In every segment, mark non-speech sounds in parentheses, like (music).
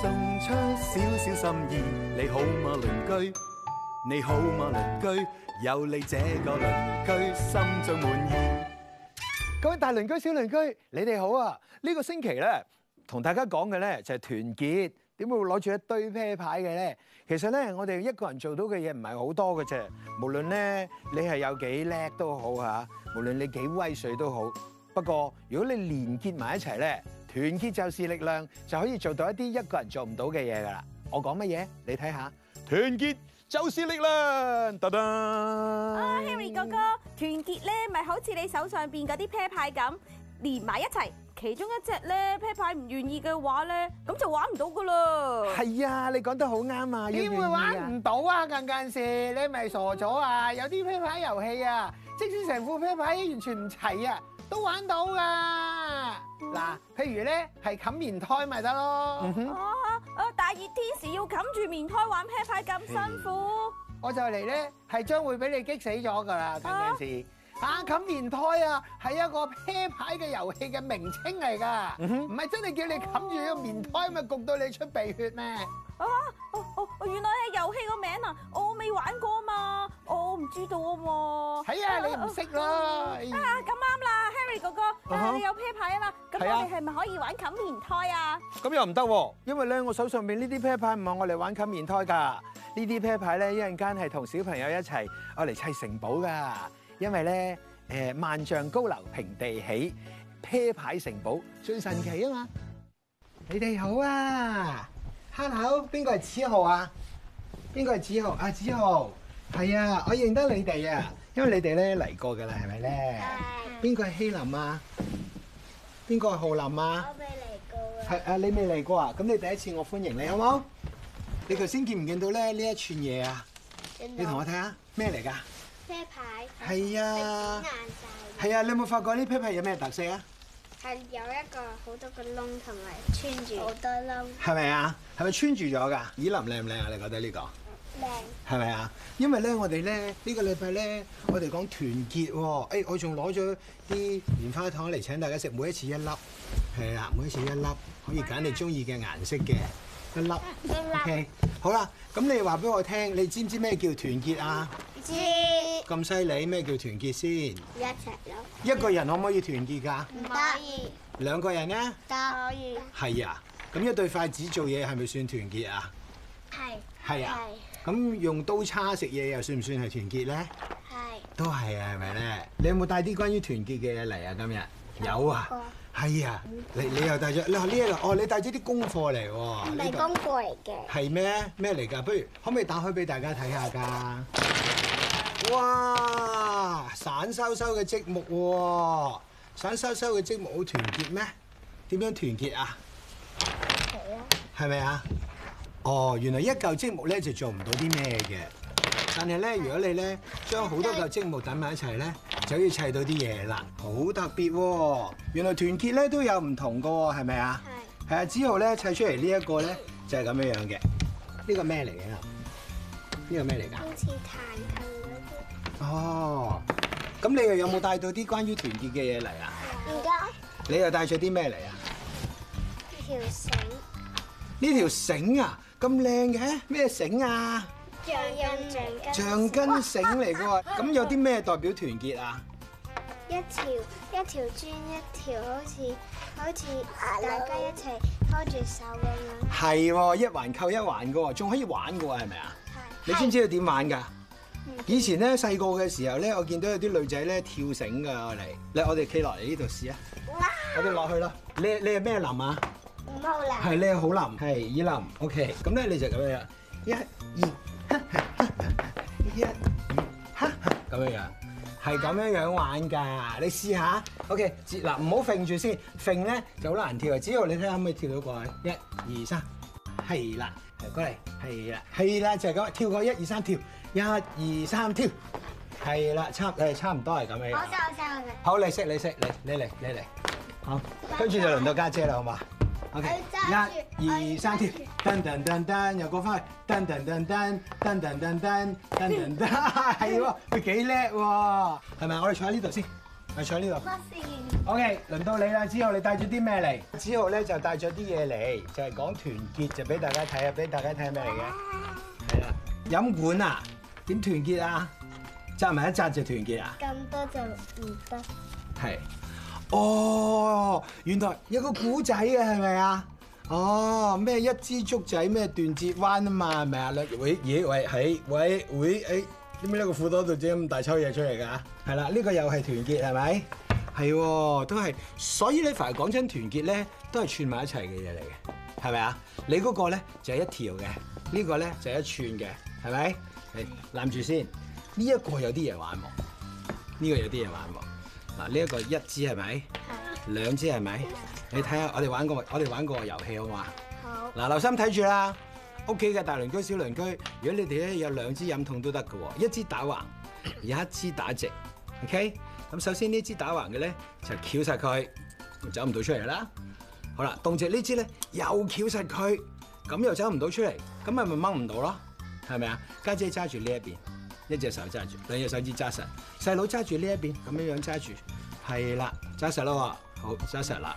送出少少心意，你好嘛鄰居？你好嘛鄰居？有你這個鄰居，心中滿意。各位大鄰居、小鄰居，你哋好啊！呢個星期咧，同大家講嘅咧就係團結。點會攞住一堆啤牌嘅咧？其實咧，我哋一個人做到嘅嘢唔係好多㗎啫。無論咧你係有幾叻都好嚇，無論你幾威水都好。不過如果你連結埋一齊咧～團結就是力量，就可以做到一啲一個人做唔到嘅嘢㗎喇！我講乜嘢？你睇下，團結就是力量，得得。啊，Harry 哥哥，團結咧咪好似你手上邊嗰啲啤牌咁，連埋一齊。其中一隻咧啤牌唔願意嘅話咧，咁就玩唔到㗎喇。係啊，你講得好啱啊！點會玩唔到啊？近近時你咪傻咗啊？ (laughs) 有啲啤牌遊戲啊，即使成副啤牌完全唔齊啊！都玩到噶，嗱、嗯，譬如咧係冚棉胎咪得咯。哦、啊啊，大熱天時要冚住棉胎玩啤牌咁辛苦。嗯、我就嚟咧係將會俾你激死咗噶啦，今次。啊嚇！冚棉胎啊，係一個啤牌嘅遊戲嘅名稱嚟㗎，唔係真係叫你冚住個棉胎，咪焗到你出鼻血咩？啊！哦哦，原來係遊戲個名啊！我未玩過啊嘛，我唔知道啊嘛。係啊，你唔識啦。啊，咁啱啦，Harry 哥哥，你有啤牌啊嘛？咁我哋係咪可以玩冚棉胎啊？咁又唔得喎，因為咧，我手上面呢啲啤牌唔係我嚟玩冚棉胎㗎，呢啲啤牌咧一陣間係同小朋友一齊我嚟砌城堡㗎。因為咧，誒，萬丈高樓平地起，啤牌城堡最神奇啊嘛！你哋好啊，Hello，邊個係子豪啊？邊個係子豪？阿子豪，係啊，我認得你哋啊，因為你哋咧嚟過噶啦，係咪咧？係。邊個係希林啊？邊個係浩林啊？我未嚟過啊。係啊，你未嚟過啊？咁你第一次，我歡迎你，好唔好？你頭先見唔見到咧呢一串嘢啊？見到。你同我睇下咩嚟噶？車係啊，係啊，嗯、你有冇發覺呢？車牌有咩特色啊？係有一個好多個窿同埋穿住好多窿，係咪啊？係咪穿住咗噶？依琳靚唔靚啊？你覺得呢個靚係咪啊？因為咧，我哋咧呢、呢個禮拜咧，我哋講團結喎。誒，我仲攞咗啲棉花糖嚟請大家食，每一次一粒，係啦、啊，每一次一粒，可以揀你中意嘅顏色嘅一粒一粒， (laughs) okay? 好啦，咁你話俾我聽，你知唔知咩叫團結啊？咁犀利，咩叫團結先？一齊攞一個人可唔可以團結噶？唔得。兩個人咧？得，可以。係啊，咁一對筷子做嘢係咪算團結啊？係。係啊。咁用刀叉食嘢又算唔算係團結咧？係。都係啊，係咪咧？你有冇帶啲關於團結嘅嘢嚟啊？今日有啊，係啊，你你又帶咗，你話呢個哦，你帶咗啲功課嚟喎。唔係功課嚟嘅。係咩咩嚟噶？不如可唔可以打開俾大家睇下噶？哇！散收收嘅積木喎，散收收嘅積木好團結咩？點樣團結啊？係咪啊？哦，原來一嚿積木咧就做唔到啲咩嘅，但係咧如果你咧將好多嚿積木揼埋一齊咧，就可以砌到啲嘢啦，好特別喎。原來團結咧都有唔同嘅，係咪啊？係，啊，之後咧砌出嚟呢一個咧就係、是、咁樣樣嘅。呢個咩嚟嘅啊？呢個咩嚟㗎？好似彈琴嗰啲。哦，咁你又有冇帶到啲關於團結嘅嘢嚟啊？唔該。你又帶咗啲咩嚟啊？條繩。呢條繩啊，咁靚嘅咩繩啊？橡筋繩。橡筋繩嚟嘅喎，咁有啲咩代表團結啊？一條一條磚一條，好似好似大家一齊拖住手咁樣。係喎 Hello?，一環扣一環嘅喎，仲可以玩嘅喎，係咪啊？你先知道點玩㗎？是的 以前咧細個嘅時候咧，我見到有啲女仔咧跳繩㗎嚟。你我哋企落嚟呢度試啊！我哋落去咯。你你係咩林啊？唔好林。係你係好林，係以林。OK，咁咧你就咁樣樣，一、二、哈哈一、二、咁樣樣，係咁樣樣玩㗎。你試下。OK，嗱唔好揈住先，揈咧就好難跳呀。只要你睇下可唔可以跳到過去？一、二、三，係啦。過嚟，係啦，係啦，就係咁，跳個一二三跳，一二三跳，係啦，差誒，差唔多係咁樣。好嘅，好嘅，好嘅。好，你識，你識，你你嚟，你嚟，好。跟住就輪到家姐啦，好嘛？O K，一二三跳，噔噔噔噔，又過翻去，噔噔噔噔，噔噔噔噔，噔噔噔，係喎，佢幾叻喎？係咪？我哋坐喺呢度先。喺呢度。O K，輪到你啦，子豪，你帶咗啲咩嚟？子豪咧就帶咗啲嘢嚟，就係講團結，就俾大家睇下！俾大家睇下咩嚟嘅？係啊，飲管啊？點團結啊？紮埋一紮就團結啊？咁多就唔得。係。哦，原來有個古仔啊，係咪啊？哦，咩一枝竹仔咩斷節彎啊嘛，係咪啊？喂，嘢喂，係喂，喂，哎。點解呢個褲袋度整咁大抽嘢出嚟噶？係啦，呢個又係團結係咪？係，都係。所以你凡係講真團結咧，都係串埋一齊嘅嘢嚟嘅，係咪啊？你嗰個咧就係一條嘅，呢個咧就係一串嘅，係咪？嗯、你攬住先，呢一個有啲嘢玩喎，呢個有啲嘢玩喎。嗱，呢一個一支係咪？係。兩支係咪？係咪嗯、你睇下，我哋玩過我哋玩過遊戲好嘛？好。嗱好，留心睇住啦。屋企嘅大鄰居小鄰居，如果你哋咧有兩支飲筒都得㗎喎，一支打橫，而一支打直。O.K. 咁首先呢支打橫嘅咧就翹實佢，走唔到出嚟啦。好啦，同直呢支咧又翹實佢，咁又走唔到出嚟，咁咪咪掹唔到咯，係咪啊？家姐揸住呢一邊，一隻手揸住，兩隻手指揸實。細佬揸住呢一邊，咁樣樣揸住，係啦，揸實咯。好，揸實啦。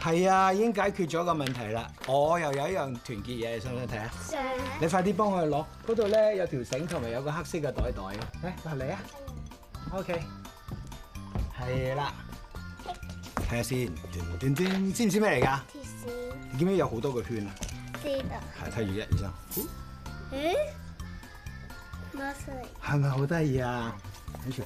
係啊，已經解決咗個問題啦！我又有一樣團結嘢，想唔想睇啊？你，Sir? 你快啲幫我去攞嗰度咧，那裡有條繩同埋有個黑色嘅袋袋嘅。誒，嚟啊、嗯！OK，係啦、嗯，睇下先，轉轉轉，知唔知咩嚟㗎？鐵線子。點解有好多個圈啊？知道。係，睇住一二三。哦、嗯？冇錯。係咪好得意啊？睇住，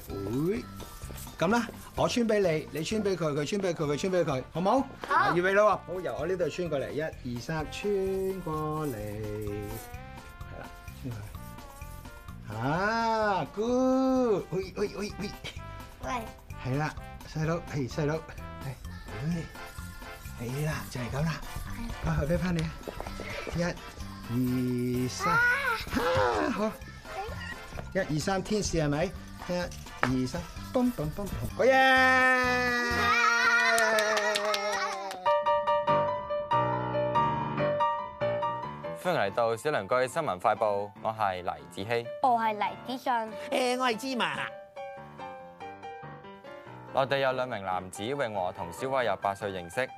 咁、哦、啦。我穿俾你，你穿俾佢，佢穿俾佢，佢穿俾佢，好冇？好。二位佬啊，好由我呢度穿過嚟，一二三穿過嚟，係啦。穿過嚟，啊，good！喂喂喂喂。喂。係啦，細佬，係細佬，係。喂，係啦，就係咁啦。好，俾翻你啊！一、二、三，哈，好。一二三天使係咪？一。二、三，咚咚咚！好耶！Yeah! Yeah! 歡迎嚟到《小鄰居新聞快報》，我係黎子希，我係黎子信，誒，我係芝麻。內地有兩名男子永和同小慧由八歲認識，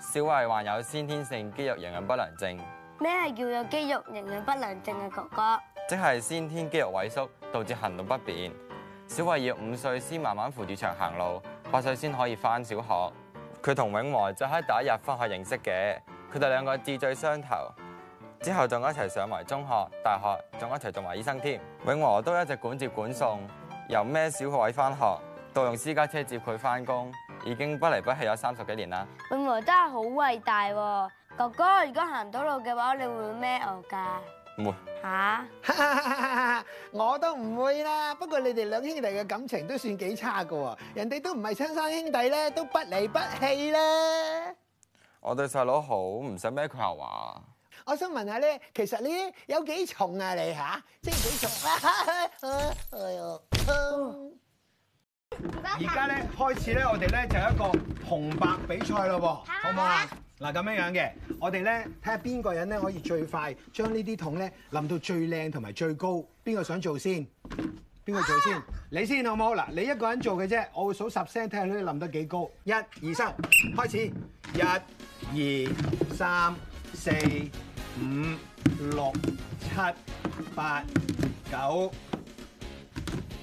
小慧患有先天性肌肉營養不良症。咩係叫有肌肉營養不良症嘅、啊、哥哥？即係先天肌肉萎縮，導致行動不便。小慧要五歲先慢慢扶住牆行路，八歲先可以翻小學。佢同永和就喺第一日翻學認識嘅，佢哋兩個志趣相投，之後仲一齊上埋中學、大學，仲一齊做埋醫生添。永和都一直管接管送，由孭小學位翻學到用私家車接佢翻工，已經不離不棄有三十幾年啦。永和真係好偉大喎，哥哥如果行唔到路嘅話，你會孭我噶吓！我都唔會啦，不過你哋兩兄弟嘅感情都算幾差噶，人哋都唔係親生兄弟咧，都不離不棄咧。我對細佬好，唔使咩句下話。我想問下咧，其實你有幾重啊？你吓，即係幾重啊？而家咧開始咧，我哋咧就一個紅白比賽咯，好唔好啊？嗱，咁樣樣嘅，我哋咧睇下邊個人咧可以最快將呢啲桶咧淋到最靚同埋最高，邊個想做先？邊個做先？你先好唔好？嗱，你一個人做嘅啫，我會數十聲，睇下你哋淋得幾高。一、二、三，開始。一、二、三、四、五、六、七、八、九、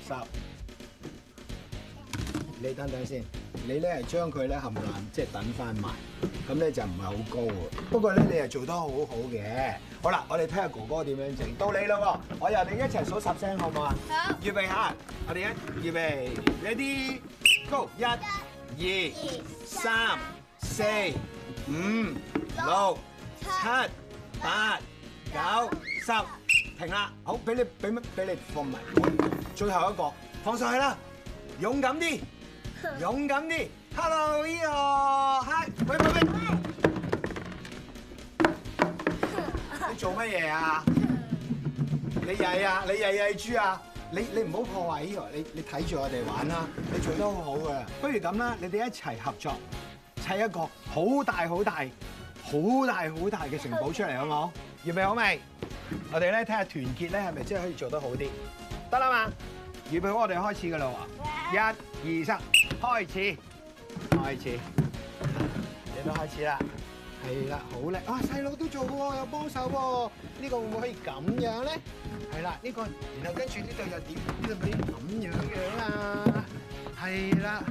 十。你等等先。你咧係將佢咧冚爛，即係等翻埋。咁咧就唔係好高喎。不過咧，你係做得好好嘅。好啦，我哋睇下哥哥點樣整，到你啦喎！我由你一齊數十聲，好唔好啊？好。預備下，我哋一，預備一啲，Go！一、二、三、四、五、六、七、八、九、十，停啦！好，俾你俾乜俾你放埋，最後一個，放上去啦，勇敢啲！勇敢啲，Hello，Eo，hi，喂喂喂，你做乜嘢啊？你曳啊，你曳曳豬啊！你你唔好破壞呢個你你睇住我哋玩啦。你做得好好噶，不如咁啦，你哋一齊合作砌一個好大好大、好大好大嘅城堡出嚟，好唔好？預備好未？我哋咧睇下團結咧係咪真係可以做得好啲？得啦嘛，預備好我哋開始噶啦，我一二三。開始，開始，你都開始啦，係啦，好叻！哇，細佬都做喎，有幫手喎，呢個會唔會可以咁樣咧？係啦，呢個，然後跟住呢度又點呢度可以咁樣樣啊？係啦，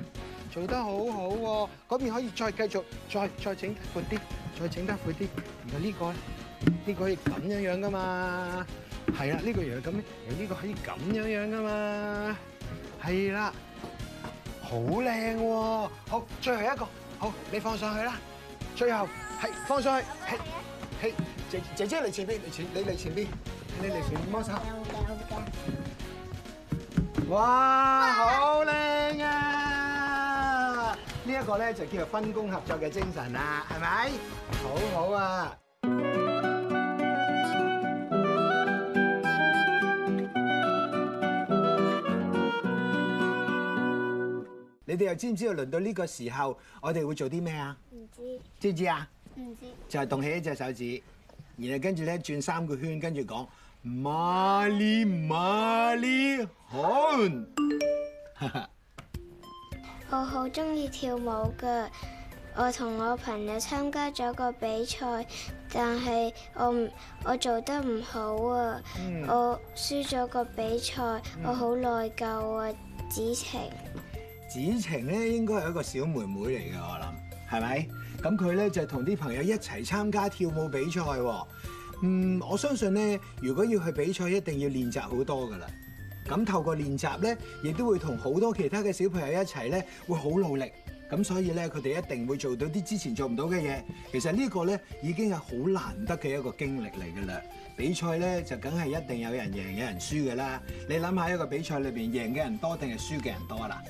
做得好好喎，咁咪可以再繼續，再再整闊啲，再整得闊啲。然後呢個呢個可以咁樣樣噶嘛？係啦，呢個又係咁樣，呢個可以咁樣樣噶嘛？係啦。好靚喎，好，最後一個，好，你放上去啦，最後係放上去，係係，姐姐姐你前邊，你前你嚟前邊，你嚟前邊摸手，哇，好靚啊，呢一個咧就叫做分工合作嘅精神啦，係咪？好好啊。你哋又知唔知道輪到呢個時候，我哋會做啲咩啊？唔知。知唔知啊？唔知。就係動起一隻手指，然後跟住咧轉三個圈，跟住講：我好中意跳舞噶，我同我朋友參加咗個比賽，但係我我做得唔好啊，嗯、我輸咗個比賽，我好內疚啊，子晴。子晴咧應該係一個小妹妹嚟嘅，我諗係咪？咁佢咧就同啲朋友一齊參加跳舞比賽喎，哦。嗯，我相信咧，如果要去比賽，一定要練習好多㗎啦。咁透過練習咧，亦都會同好多其他嘅小朋友一齊咧，會好努力。咁所以咧，佢哋一定會做到啲之前做唔到嘅嘢。其實這個呢個咧已經係好難得嘅一個經歷嚟㗎啦。比賽咧就梗係一定有人贏、有人輸㗎啦。你諗下一個比賽裏邊贏嘅人多定係輸嘅人多啦？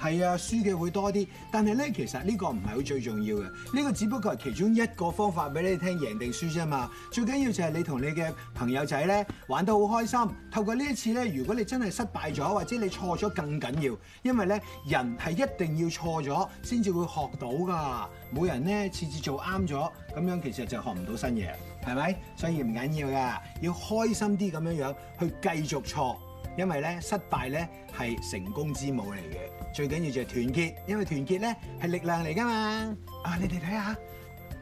係啊，輸嘅會多啲，但係咧其實呢個唔係好最重要嘅，呢個只不過係其中一個方法俾你聽贏定輸啫嘛。最緊要就係你同你嘅朋友仔咧玩得好開心。透過呢一次咧，如果你真係失敗咗，或者你錯咗更緊要，因為咧人係一定要錯咗先至會學到噶。冇人咧次次做啱咗，咁樣其實就學唔到新嘢，係咪？所以唔緊要㗎，要開心啲咁樣樣去繼續錯，因為咧失敗咧係成功之母嚟嘅。最緊要就係團結，因為團結咧係力量嚟㗎嘛。啊，你哋睇下，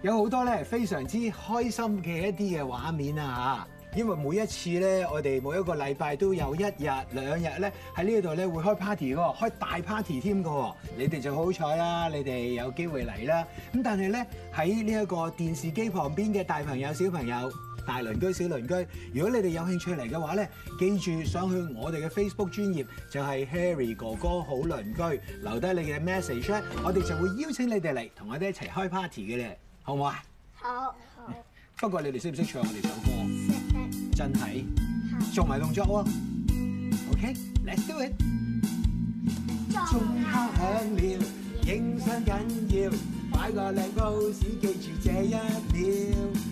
有好多咧非常之開心嘅一啲嘅畫面啊。嚇。因為每一次咧，我哋每一個禮拜都有一日兩日咧喺呢度咧會開 party 㗎，開大 party 添㗎。你哋就好彩啦，你哋有機會嚟啦。咁但係咧喺呢一個電視機旁邊嘅大朋友小朋友，大鄰居小鄰居，如果你哋有興趣嚟嘅話咧，記住上去我哋嘅 Facebook 專頁，就係、是、Harry 哥哥好鄰居，留低你嘅 message 咧，我哋就會邀請你哋嚟同我哋一齊開 party 嘅咧，好唔好啊？好。不過你哋識唔識唱我哋首歌？識。真係。做埋動作喎，啊。OK，let's、okay? do it。鐘敲響了，影相緊要，擺個靚 pose，記住這一秒。